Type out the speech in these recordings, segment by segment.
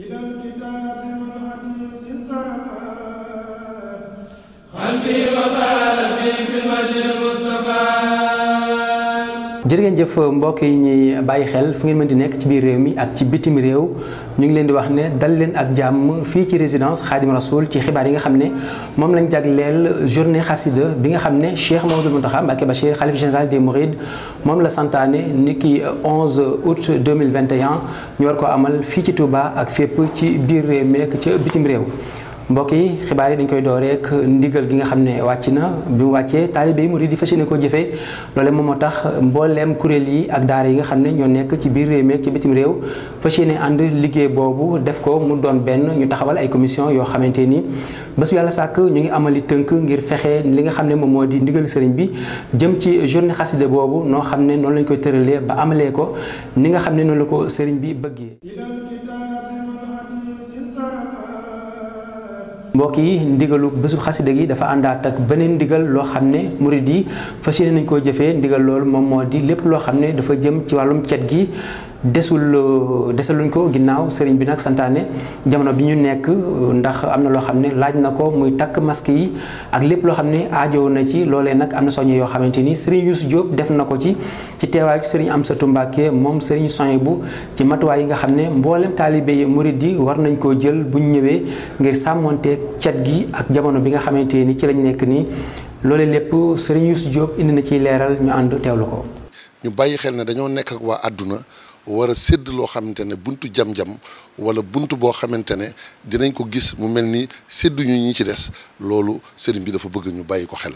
قلبي وقال في بالوجه المصطفى jërë jëf mbokk yi ñuy bàyyi xel fu ngeen mën di nekk ci biir réew mi ak ci bitim réew ñu ngi leen di wax ne dal leen ak jàmm fii ci résidence Khadim Rasoul ci xibaar yi nga xam ne moom lañ jagleel journée xasida bi nga xam ne Cheikh Mamadou Mountakha Mbacké Bachir xalif général des Mourides moom la santaane nit ki 11 août 2021 ñu war ko amal fii ci Touba ak fépp ci biir réew mi ak ca bitim réew mbokk yi xibaar yi dañ koy dooree ak ndigal gi nga xam ne wàcc na bi mu wàccee taalibe yi mu yi di yéene koo jëfee loole moom moo tax mbooleem kuréel yi ak daara yi nga xam ne ñoo nekk ci biir réew mi ak ci bitim réew fas ànd liggéey boobu def ko mu doon benn ñu taxawal ay commission yoo xamante ni bés yàlla sàkk ñu ngi amali tënk ngir fexe li nga xam ne moom moo di ndigal sëriñ bi jëm ci journée xaside boobu noo xam ne noonu lañ koy tëralee ba amalee ko ni nga xam ne noonu la ko sëriñ bi bëggee mbokk yi ndigalu bésu xasida gi dafa àndaat ak beneen ndigal loo xam ne murid yi fas yéene nañ koo jëfee ndigal loolu moom moo di lépp loo xam ne dafa jëm ci wàllum cet gi desul euh, desaluñ ko ginnaaw sëriñ bi nag santaane jamono bi ñu nekk euh, ndax am na loo xam ne laaj na ko muy takk masque yi ak lépp loo xam ne aajow na ci loolee nag am na soññe yoo xamante ni sëriñ Youssou def na ko ci ci teewaayu sëriñ Amsatou Mbacké moom sëriñ soñ bu ci matuwaay yi nga xam ne mboolem taalibe yi murid di war nañ koo jël bu ñu ñëwee ngir sàmmonteeg cet gi ak jamono bi nga xamante ni ci lañ nekk nii loole lépp sëriñ Youssou Diop indi na ciy leeral ñu ànd teewlu ko. ñu bàyyi xel ne dañoo nekk waa àdduna war a sédd loo xamante ne buntu jam-jam wala buntu boo xamante ne dinañ ko gis mu mel ni sédduñu ñi ci des loolu sëriñ bi dafa bëgg ñu bàyyi ko xel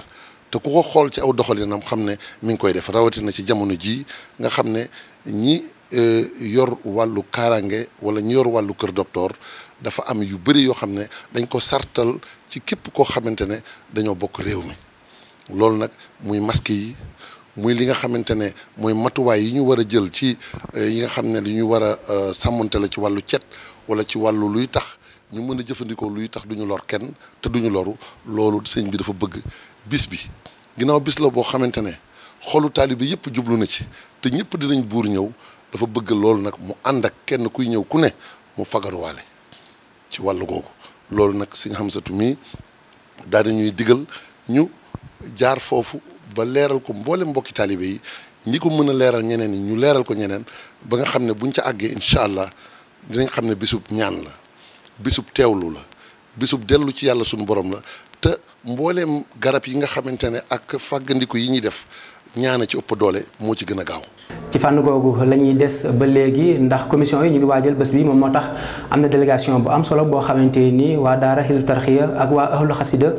te ku ko xool ci aw doxalinam xam ne mi ngi koy def rawatina ci jamono jii nga xam ne ñi euh, yor wàllu kaaraange wala ñi yor wàllu kër docteur dafa am yu bëri yoo xam ne dañ ko sartal ci képp koo xamante ne dañoo bokk réew mi loolu nag muy masque yi muy li nga xamante ne mooy matuwaay yi ñu war a jël ci euh, yi nga xam ne li ñu war a euh, sàmmante la ci wàllu cet wala ci wàllu luy tax ñu mën a jëfandikoo luy tax duñu lor kenn te duñu loru loolu sëñ bi dafa bëgg bis bi ginnaaw bis la boo xamante ne xolu taalibe yëpp jublu na ci te ñëpp dinañ buur ñëw dafa bëgg loolu nag mu ànd ak kenn kuy ñëw ku ne mu fagaruwaale ci wàllu googu loolu nag sëñ Hamsatu mii daal di ñuy digal ñu jaar foofu ba leeral ko mboolem mbokki taalibe yi ñi ko mën a leeral ñeneen ñi ñu leeral ko ñeneen ba nga xam ne buñ ca àggee incha allah dinañ xam ne bisub ñaan la bisub teewlu la bisub dellu ci yàlla suñu borom la te mbooleem garab yi nga xamante ne ak fàggandiku yi ñuy def ñaana ci ëpp doole moo ci gën a gaaw ci fànn googu la ñuy des ba léegi ndax commission yi ñu ngi waajal bés bi moom moo tax am na délégation bu am solo boo xamante ni waa daara Hizbut Tarqiyyah ak waa ahlu xasida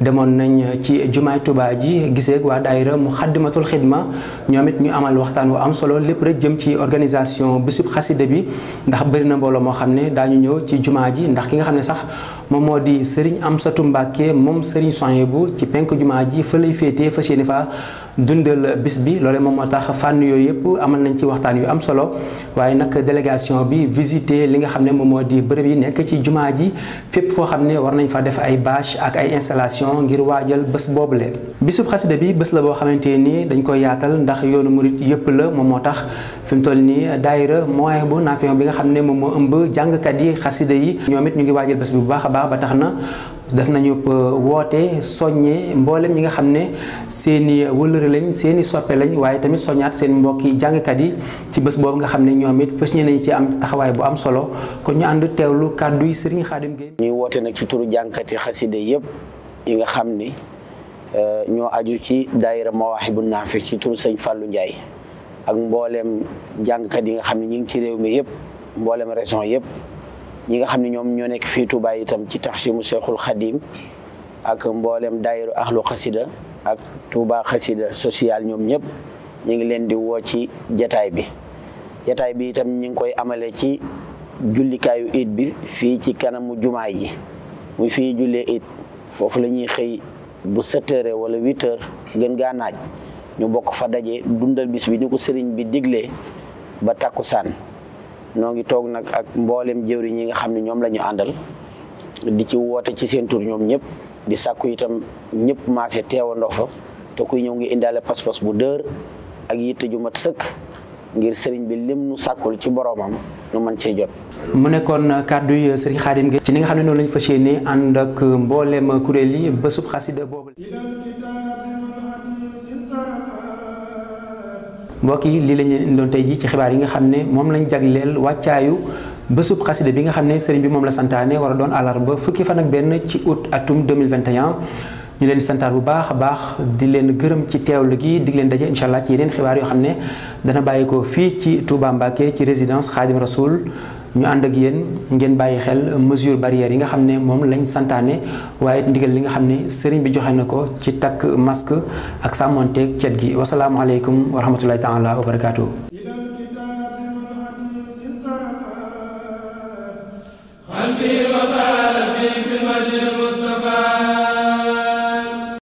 demoon nañ ci jumaay tubaa ji giseeg waa daayira mu xaddimatul xidma ñoom it ñu amal waxtaan wu am solo lépp rek jëm ci organisation bésub xasida bi ndax bëri na mbooloo moo xam ne daañu ñëw ci jumaa ji ndax ki nga xam ne sax moom moo di am sa Mbacke moom Serigne bu ci penk jumaa ji fa lay féetee fas yéene fa dundal bis bi loole moom moo tax fànn yooyu yëpp amal nañ ci waxtaan yu am solo waaye nag délégation bi visité li nga xam ne moom moo di bërëb yi nekk ci jumaa ji fépp foo xam ne war nañ fa def ay bâche ak ay installation ngir waajal bés boobule. bisub xasida bi bés la boo xamante ni dañ koy yaatal ndax yoonu murit yëpp la moom moo tax fi mu toll nii daayira Mawahibou Nafih bi nga xam ne moom moo ëmb jàngkat yi xasida yi ñoom it ñu ngi waajal bés bi bu baax baax ba tax na def nañu euh, woote soññee mboolem ñi nga xam ne seeni wëllëre lañ seeni soppe lañ waaye tamit soññaat seen mbokki jàngkat yi ci bés boobu nga xam ne ñoom it fës ñu nañ ci am taxawaay bu am solo kon ñu ànd teewlu kàddu yi Serigne Khadim Gueye. ñuy woote nag ci turu jàngkat yi xaside yëpp yi nga xam ni euh, ñoo aju ci daayira Mawaahibu Naafi ci turu sëñ fàllu Ndiaye ak mbooleem jàngkat yi nga xam ne ñu ngi ci réew mi yëpp mboolem région yëpp. ñi nga xam ne ñoom ñoo nekk fii Touba itam ci taxsimu Seexul Xadim ak mboolem daayiru ahlu xasida ak Touba xasida social ñoom ñëpp ñu ngi leen di woo ci jataay bi jataay bi itam ñu ngi koy amale ci jullikaayu it bi fii ci kanamu jumaa yi muy fi ñu jullee it foofu la ñuy xëy bu sept wala huit heures gën gaa naaj ñu bokk fa daje dundal bis bi ni ko sëriñ bi diglee ba takkusaan noo ngi toog nag ak mboolem jëwriñ yi nga xam ne ñoom la ñu àndal di ci woote ci seen tur ñoom ñëpp di sàkku itam ñëpp maase teewandoo fa te kuy ñëw ngi indaale pas-pas bu dër ak yitte ju mat sëkk ngir sëriñ bi lim nu sàkkul ci boroomam nu mën cee jot. mu nekkoon kàddu yi sëriñ Xaadim gi ci ni nga xam ne noonu lañu fas yéene ànd ak a kuréel yi bésub xasida boobal mbokk yi lii lañ leen doon tey ci xibaar yi nga xam ne moom lañ jagleel wàccaayu bésub xasida bi nga xam ne sëriñ bi moom la santaane war a doon àllarba fukki fan ak benn ci août atum 2021 ñu leen santaar bu baax a baax di leen gërëm ci teewlu gi dig leen daje incha allah ci yeneen xibaar yoo xam ne dana bàyyi ko fii ci Touba ci résidence Khadim Rasoul ñu ànd ak yéen ngeen bàyyi xel mesure barrière yi nga xam ne moom lañ santaane waaye ndigal li nga xam ne sëriñ bi joxe na ko ci takk masque ak sàmmonteeg cet gi wasalaamaaleykum wa rahmatullahi taala wa barakaatu.